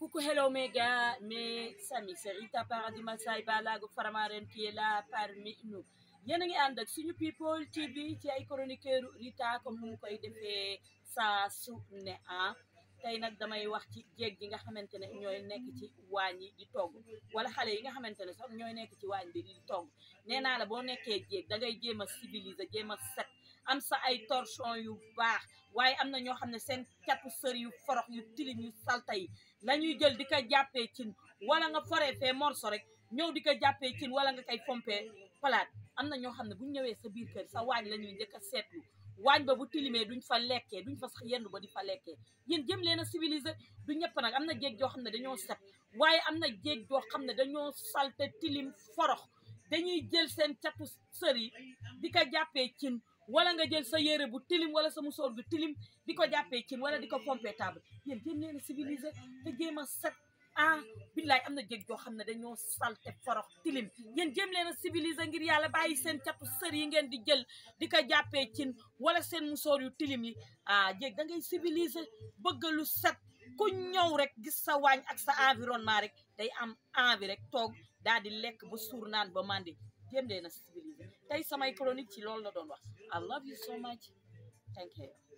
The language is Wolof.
Coucou, hello mes gars, mes amis, c'est Rita Paradis Massay Balago Faramaren qui est là parmi nous. Yéen a ngi ànd ak suñu ci TV ci ay chroniqueur Rita comme nu mu koy defee saa su ne ah tey nag damay wax ci jéeg yi nga xamante ne ñooy nekk ci waañ yi di togg wala xale yi nga xamante ne sax ñooy nekk ci waañ bi di togg nee naa la boo nekkee jéeg da ngay jéem a civiliser jéem a set am sa ay torchon yu baax waaye am na ñoo xam ne seen catu sër yu forox yu tilim yu salta yi la ñuy jël di ko jàppee cin wala nga foree fee morso rek ñëw di ko jàppee cin wala nga koy fompee palaat am na ñoo xam ne bu ñëwee sa biir kër sa waañ la ñuy njëkk seet seetlu waañ ba bu tilimee duñ fa lekkee duñ fa sax yendu ba di fa lekkee yéen jëm leen a civilisé du ñëpp nag am na jéeg joo xam ne dañoo set waaye am na jéeg joo xam ne dañoo salte tilim forox dañuy jël seen catu sër yi di ko jàppee cin wala nga jël sa yére bu tilim wala sa musóor bu tilim di ko jàppee cin wala di ko pompé table yéen jéem leen a civilisé te jéem a set ah billaay am na jég joo xam ne dañoo salte forox tilim yéen jëm leen a civilisé ngir yàlla bàyyi seen catu sër yi ngeen di jël di ko jàppee cin wala seen musóor yu tilim yi ah jég da ngay civilisé bëgg lu set ku ñëw rek gis sa waañ ak sa environnement rek day am envie rek toog daal di lekk ba suur naan ba mandi jéem leen a civilisé tey ci loolu la doon wax I love you so much. Thank you.